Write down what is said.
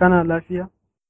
Kana lafiya?